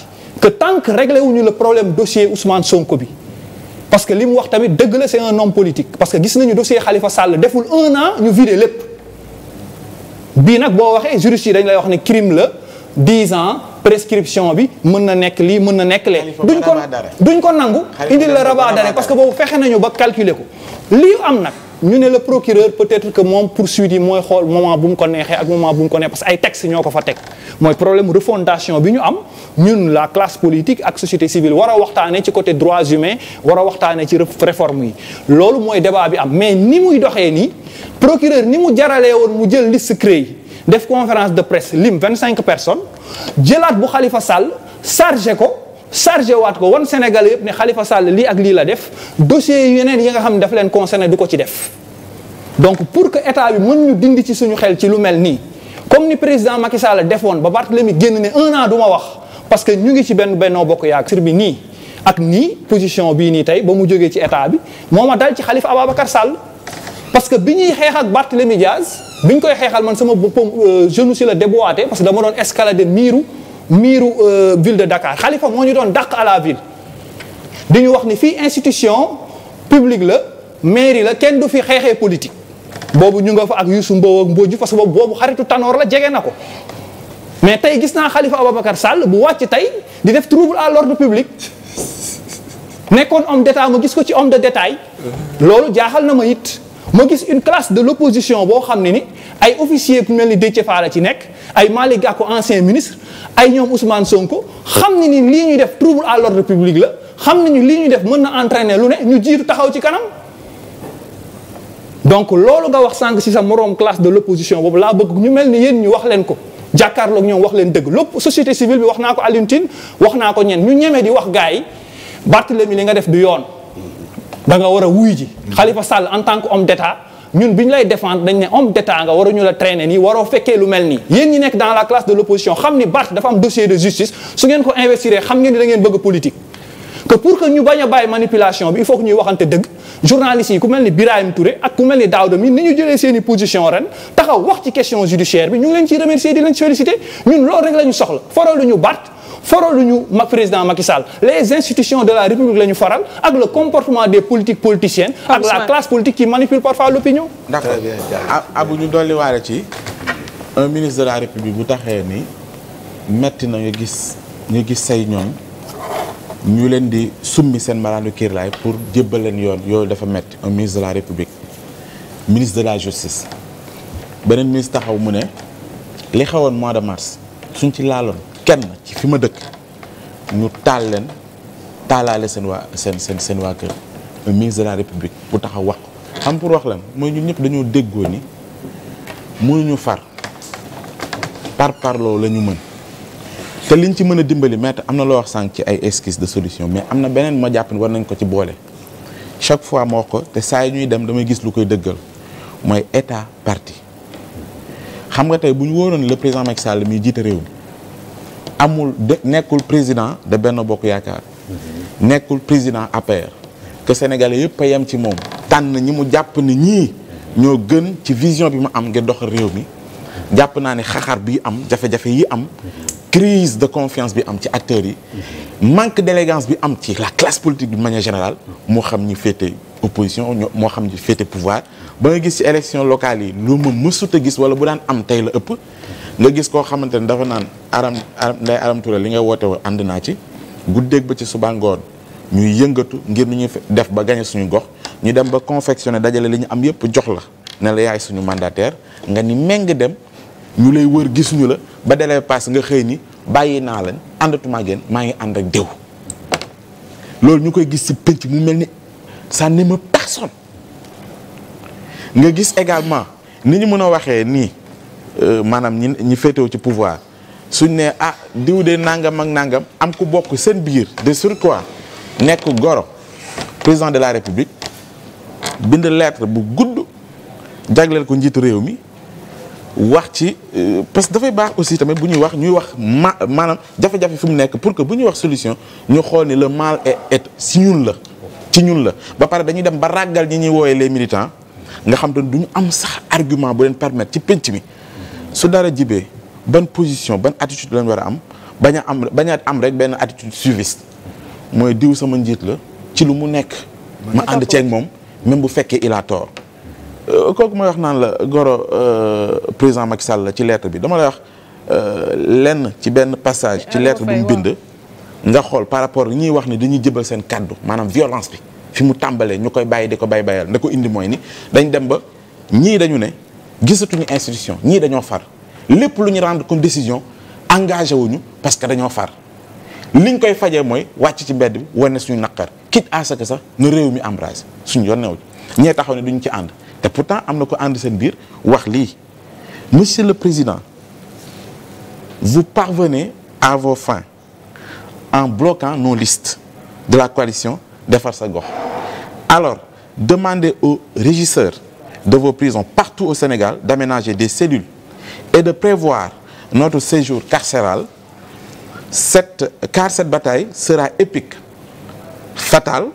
que tant que réglé wuñu le problème dossier Ousmane Sonko bi parce que li mu wax tamit dëgg la c'est un homme politique parce que gis nañu dossier Khalifa Sall deful un an ñu vidé lépp bii nag boo waxee juriste yi dañ lay wax ne crime la 10 ans prescription bi mën na nekk lii mën na nekk lee duñ ko duñ ko nangu indi la rabat d'arrêt parce que boobu fexe nañu ba calculer ko lii am nag ñu ne la procureur peut-être que moom poursuite yi mooy xool moment bu mu ko neexee ak moment bu mu ko neex parce que ay textes ñoo ko fa teg mooy problème refondation bi ñu am ñun la classe politique ak société civile war a waxtaanee ci côté droits humains war a waxtaanee ci réforme yi loolu mooy débat bi am mais ni muy doxee nii procureur ni mu jaralee woon mu jël liste CREI def conférence de presse lim 25 personnes jëlaat bu Khalifa Sall chargé ko. chargé waat ko wan Sénégal yëpp ne xalifa Sall lii ak lii la def dossier yeneen yi nga xam ne dafa leen concerné du ko ci def donc pour que état bi mën ñu dindi ci suñu xel ci lu mel nii comme ni président Macky Sall defoon ba Barthélemy génn ne un an du ma wax parce que ñu ngi ci benn bennoo bokk yaakaar bi nii ak nii position bii nii tey ba mu jógee ci état bi moo ma dal ci Khalifa Ababacar Sall parce que bi ñuy xeex ak Barthélemy Diaz bi ñu koy xeexal man sama boppam euh, je me suis la parce que dama doon escalader miiru. miiru euh, ville de Dakar xalifa moo ñu doon dàq à la ville di ñu wax ni fii institution publique la mairie la kenn du fi xeexee politique boobu ñu nga fa ak Youssou Mbow ak Mbodj parce que boobu xaritu tanoor la jege na ko mais tey gis naa Khalifa Ababacar Sall bu wàcc tey di def trouble à l'ordre public nekkoon homme d'état ma gis ko ci homme de détail loolu jaaxal na ma it. ma gis une classe de l'opposition boo xam ne ni ay officier ku mel ni Déthié Fall la ci nekk ay Malick Gakou ancien ministre ay ñoom Ousmane Sonko xam ne ni lii ñuy def trouble à l'ordre public la xam nañu li ñuy def mën na entraîner lu ne ñu jiitu taxaw ci kanam donc loolu nga wax sànq si sa moroom classe de l'opposition boobu laa bëgg ñu mel ni yéen ñu wax leen ko jàkkaarloog ñoom wax leen dëgg lépp société civile bi wax naa ko Alioune Tine wax naa ko ñen ñu ñeme di wax gars yi Barthélémy li nga def du yoon danga nga war a wuy ji. Mm-hmm. Khalifa Sall en tant que homme d'état ñun bi ñu lay défendre dañ ne homme d'état nga waruñu la traîner nii waroo fekkee lu mel nii. yéen ñi nekk dans la classe de l'opposition xam ni Barth dafa am dossier de justice su ngeen ko investir xam ngeen ni bëgg politique. que pour que ñu bañ a bàyyi manipulation bi il faut que ñuy waxante dëgg journalistes yi ku mel ni Birahim Touré ak ku mel ni Daouda mi ni ñu jëlee seen i ren taxaw wax ci question judiciaire bi ñu ngi leen ciy remercier ñu soxla ñu ma président Macky les institutions de la République lañu faral ak le comportement des politiques politiciennes ak la classe politique qui manipule parfois l'opinion d'accord ah, abu ñu dolli waare ci un ministre de la République bu taxee ni metti na nga gis ñu gis say ñoom ñu leen di summi seen malaanu kiirlaay pour jébbal leen yoon yooyu dafa metti un ministre de la République ministre de la justice beneen ministre taxaw mu ne li xewoon mois de mars suñ ci laaloon kenn ci fi ma dëkk ñu taal leen taalaale seen waa seen seen seen waa kër un ministre de la république bu taxaw wax xam pour wax leen mooy ñun ñëpp dañoo déggoo ni ñu far par parloo la ñu mën te liñ ci mën a dimbali maître am na loo wax sànq ci ay esquisse de solution mais am na beneen ma jàpp ni war nañ ko ci boole chaque fois moo ko te saa yi ñuy dem damay gis lu koy dëggal mooy état parti xam nga tey bu ñu wóoroon le président Macky Sall mi jiite réew mi amul nekkul président de benn Bokk Yaakaar nekkul président APR que sénégalais yëpp a yem ci moom tànn ñi mu jàpp ni ñii ñoo gën ci vision bi mu am ngir doxal réew mi jàpp naa ni xaxar bi am jafe-jafe yi am crise de confiance bi am ci acteurs yi manque d'élégance bi am ci la classe politique d'une manière général moo xam ñi féete opposition moo xam ñi féete pouvoir ba nga gis ci élection locale yi lu ma mësut a gis wala bu daan am tey la ëpp nga gis koo xamante ne dafa naan aram aram nday aram Touré li nga woote woon ànd naa ci guddeeg ba ci subangoon ngoon ñuy yëngatu ngir ni ñuy def ba gañe suñu gox ñu dem ba confectionner dajale li ñu am yëpp jox la ne la yaay suñu mandataire nga ni meng dem ñu lay wër gisuñu la ba dalee paas nga xëy ni bàyyi naa leen àndatuma ngeen maa ngi ànd ak dew loolu ñu koy gis ci pénc mu mel ni ça n'aime personne nga gis également ni ñu mën a waxee nii euh, maanaam ñi ñi féetewu ci pouvoir suñ ne ah diw de nangam ak nangam am ku bokk seen biir de surcroît nekk goro président de la république bind lettre bu gudd jagleel ko njiitu réew mi wax ci euh, parce que dafay baax aussi tamit bu ñuy wax ñuy wax ma maanaam jafe-jafe fi mu nekk pour que bu ñuy wax solution ñu xool ni le mal et si ñun la ci ñun la ba pare dañuy dem ba ràggal ñi ñuy woowee les militants nga xam te du ñu am sax argument bu leen permettre ci penc mi su dara jibee ban position ban attitude lañ war a am bañ a am bañ am rek benn attitude suiviste mooy diw sama njiit la ci lu mu nekk ma ànd ceeg moom même bu fekkee il a Euh, kooku may wax naan la goro euh, président Macky Sall la ci lettre bi dama lay wax euh, lenn ci benn passage ci lettre bi mu bind nga xool par rapport ak ñuy wax ni dañuy jëbal seen kàddu maanaam violence bi fi mu tàmbalee ñu koy bàyyi di ko bay bayal nda ko indi mooy ni dañ dem ba ñii dañu ne gisatuñu institution ñii dañoo far lépp lu ñu rend comme décision engagé wuñu parce que dañoo far liñ koy fajee mooy wàcc ci mbedd bi wane suñu naqar quitte à ce sax réew mi embrase suñu yoon neew ñee taxaw ne duñu ci ànd te pourtant am na ko ànd seen biir wax lii monsieur le président vous parvenez à vos fins en bloquant nos listes de la coalition Defar sa gox alors demandez aux régisseurs de vos prisons partout au Sénégal d'aménager des cellules et de prévoir notre séjour carcéral cette car cette bataille sera épique fatale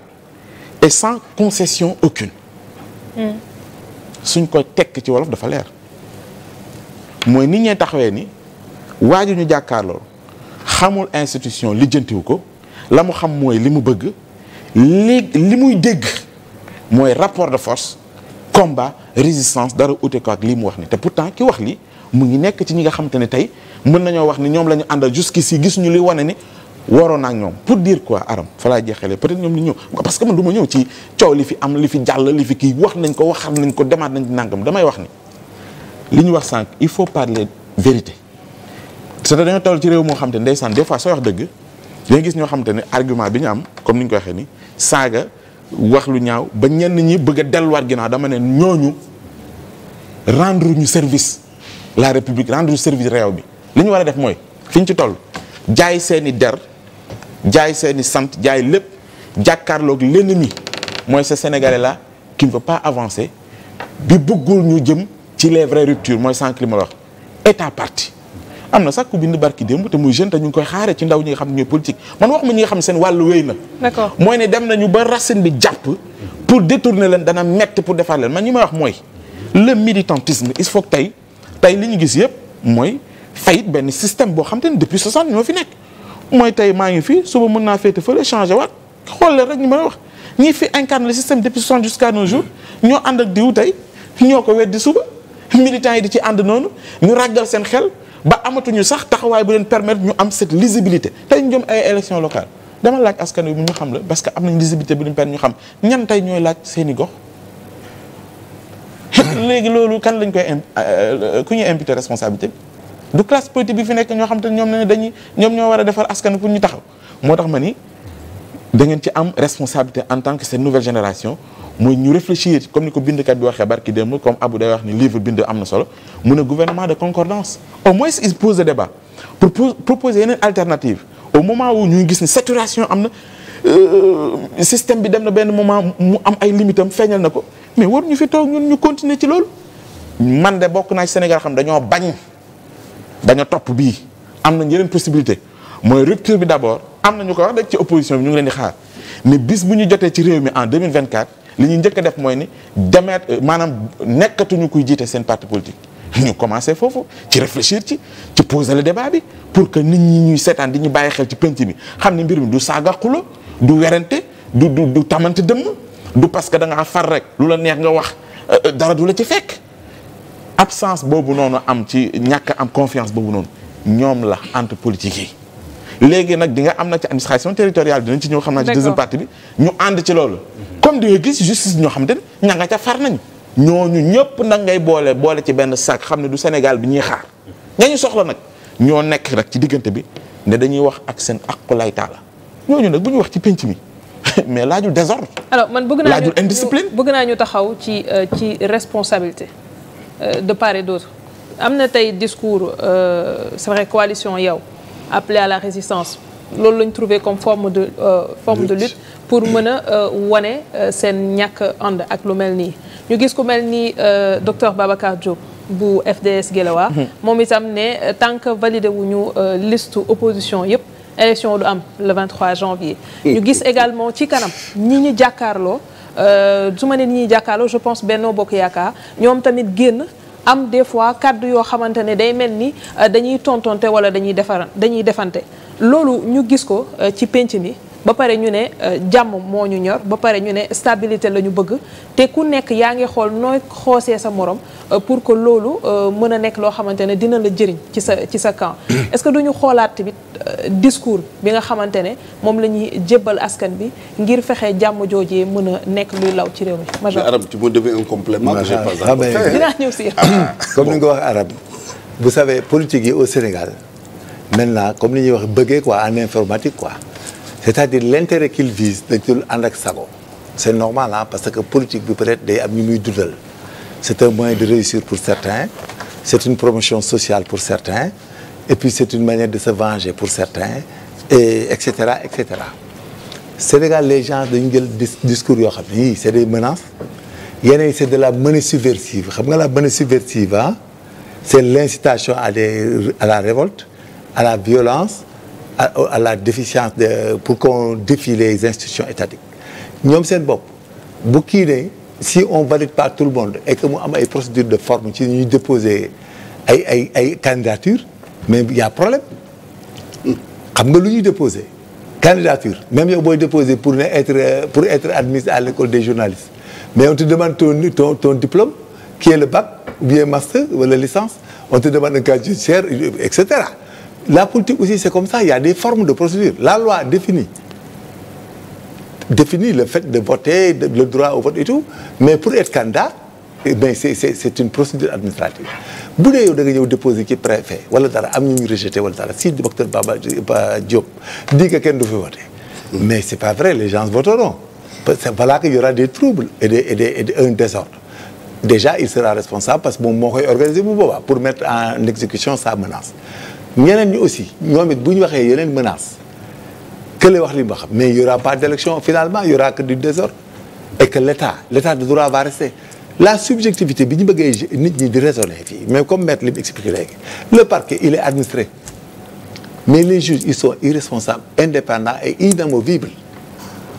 et sans concession aucune mm. suñ ko tekk ci wolof dafa leer mooy nit ñee taxawee ni waa ji ñu jàkkaarloo xamul institution lijjantiwu ko la mu xam mooy li mu bëgg li li muy dégg mooy rapport de force combat résistance dara ute ko ak lii mu wax ni te pourtant ki wax li mu ngi nekk ci ñi nga xamante ne tey mën nañoo wax ni ñoom la ñu àndal si gis ñu li wane ni waroon ak ñoom pour dire quoi aram fa laay jeexalee peut-être ñoom li ñëw parce que man du ma ñëw ci coow li fi am li fi jàll li fi kii wax nañ ko wax waxal nañ ko demaat nañ ci nangam damay wax ni li ñu wax sànq il faut parler vérité c'est-à-dire dañoo ci réew moo xam te ne ndeysaan des fois soo wax dëgg dañuy ñoo xam ne argument bi ñu am comme ni ko waxee ni saaga wax lu ñaaw ba ñenn ñi bëgg a delluwaat naa dama neen ñooñu rendre ñu service la république rendre service réew bi li ñu war a def mooy fi ñu ci toll jaay seeni der. jaay seeni sant jaay lépp jàkkaarloog l'ennemi mooy ce sénégalais là qui ne veut pas avancer bi bëggul ñu jëm ci les vraies ruptures mooy sànq li ma wax état parti. am na sax ku bind barki démb te muy jeune te ñu ngi koy xaaree ci ndaw ñi xam ne ñooy politique man wax ma ñi xam seen wàllu wéy na. d'accord mooy ne dem nañu ba racine bi jàpp. pour détourner leen dana métti pour defar leen man ñi may wax mooy. le militantisme il faut tey tey li ñu gis yëpp mooy fayit benn système boo xam te ne depuis 60 ñoo fi nekk. mooy tey maa ngi fi suba mën naa féete fële changé waat xool rek ñu ma a wax ñii fi incarne le système depuis soixante jusqu'à jour ñoo ànd ak diw tey ñoo ko di suba militants yi di ci ànd noonu ñu ràggal seen xel ba amatuñu sax taxawaay bu leen permettre ñu am cette lisibilité tey ñu jëm ay élection locale dama laaj askan wi ñu xam la parce que am nañ lisibilité bu leen permettre ñu xam ñan tey ñooy laaj seeni gox (laughs) léegi loolu kan lañ koy euh, euh, ku ñuy imputer responsabilité du classe politique bi fi nekk ñoo xam te ne ñoom ne dañuy ñoom ñoo war a defar askan pour ñu taxaw moo tax ma ni da ngeen ci am responsabilité en tant que cette nouvelle génération mooy ñu réfléchir comme ni ko bind bindkat bi waxee barki démb comme Abou day wax ni livre bind am na solo mu ne gouvernement de concordance au moins il pose le débat pour proposer yeneen alternative au moment où ñuy gis ni saturation am na euh, système bi dem na benn moment mu am ay limitam feeñal na ko mais waruñu fi toog ñun ñu continuer ci loolu man de bokk naa Sénégal xam dañoo bañ dañoo topp bii am nañ yeneen possibilité mooy rupture bi d' abord am na ñu ko wax rek ci opposition bi ñu ngi leen di xaar ne bis bu ñu jotee ci réew mi en 2024 li ñuy njëkk a def mooy ni demeet euh, maanaam nekkatuñu kuy jiite seen parti politique. ñu commencé foofu ci réfléchir ci ci poser le débat bi pour que nit ñi ñuy seetaan di ñu bàyyi xel ci penc mi xam ne mbir mi du saaga xulo du werante du du tamante dëmm du parce que da ngaa far rek lu la neex nga wax euh, euh, dara du la ci fekk. absence boobu noonu am ci ñàkk am confiance boobu noonu ñoom la entre politique yi léegi nag di nga am na ci administration territoriale dinañ ci ñëw xam naa ci deuxième partie bi ñu ànd ci loolu comme di nga gis justice ñoo xam te ne ña nga ca far nañ ñooñu ñëpp nag ngay boole boole ci benn sac xam ne du Sénégal bi ñuy xaar ñañu soxla nag ñoo nekk rek ci diggante bi ne dañuy wax ak seen aqulay taala ñooñu nag bu ñu wax ci penc mi (laughs) mais laajul désordre alors man bëgg naa laajul indiscipline bëgg naa ñu taxaw ci euh, ci responsabilité Euh, de part et d'autre am na tey discours euh, c'est vrai coalition yow appelé à la résistance loolu lañ trouver comme forme de euh, forme de lutte pour mën a euh, wane seen ñàkk ànd ak lu mel ni ñu gis ku mel ni docteur Babacar Diop bu FDS Guélawa mhm. moom itam ne tant que validé wu ñu liste opposition yëpp élection du am le 23 janvier ñu gis également ci kanam ñi ñu jàkkaarloo Euh, su ma ne ñuy jàkkaarloo je pense Benno Bokk Yaakaar ñoom tamit génn am des fois kàddu yoo xamante ne day mel ni euh, dañuy tontonte wala dañuy defar dañuy defante loolu ñu gis ko euh, ci pénc mi ba pare ñu ne euh, jàmm moo ñu ñor ba pare ñu ne stabilité la ñu bëgg te ku nekk yaa ngi xool nooy xoosee sa morom euh, pour que loolu euh, mën a nekk loo xamante ne dina la jëriñ ci sa ci sa camp. (coughs) est que duñu xoolaat tamit discours bi nga xamante ne moom la ñuy jébbal askan bi ngir fexe jàmm joojee mën a nekk luy law ci réew mi. major Arame tu me devais un complément que j'ai pas encore fait ah, dinaa ñëw si (coughs) (coughs) comme ni nga wax Arame vous savez politique yi au Sénégal maintenant comme li ñuy wax bëggee quoi en informatique quoi. c'est-à-dire l'intérêt qu'il vise dañ dul ak sago c'est normal ah parce que politique bi peut-être day am ñu muy dundal c'est un moyen de réussir pour certains c'est une promotion sociale pour certains et puis c'est une manière de se venger pour certains et et cetera et cetera Sénégal les gens dañu jël discours yoo xam ne c'est des menaces yeneen c'est de la menace subversive xam nga la menace subversive ah c'est l'incitation à à la révolte à la violence à, à la déficience de pour qu'on défie les institutions étatiques ñoom seen bopp bu kii ne si on valide pas le monde et que mu am ay procédure de forme ci ñuy déposer ay ay ay candidature mais y a problème xam nga lu ñuy déposer candidature même yow booy déposer pour ne être pour être admise à l'école des journalistes mais on te demande ton ton ton diplôme qui est le bac ou bien master wala licence on te demande un casier judiciaire et cetera la politique aussi c'est comme ça il y a des formes de procédure la loi définit définit le fait de voter le droit au vote et tout mais pour être candidat eh c'est une procédure administrative bu dee yow da nga ñëw déposer ci préfet wala dara am ñu ñu rejeté wala dara si docteur Baba Diop dit que kenn du fi voter mais c'est pas vrai les gens voteront parce que voilà qu'il y aura des troubles et des et des, et des un désordre déjà il sera responsable parce que moom moo koy organiser bu boobaa pour mettre en exécution sa menace ñeneen ñi aussi ñoom it bu ñu waxee yeneen menace kële wax li ma xam mais il y aura pas d'élection finalement il y aura que du désordre et que l'état l'état de droit va rester la subjectivité bi ñu bëggee nit ñi di raisonner fii mais comme maître li mu expliqué le parquet il est administré mais les juges ils sont irresponsables indépendants et inamovibles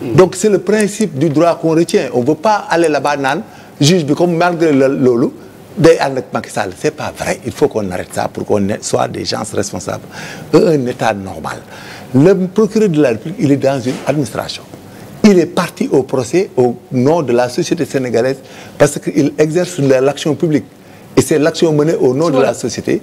hmm. donc c'est le principe du droit qu'on retient on veut pas aller là-bas naan juge bi comme malgré loolu day ànd ak Macky Sall c'est pas vrai il faut qu'on arrête ça pour qu'on soit des gens responsables un état normal le procureur de la République il est dans une administration il est parti au procès au nom de la société sénégalaise parce qu'il exerce l'action publique et c'est l'action menée au nom de la société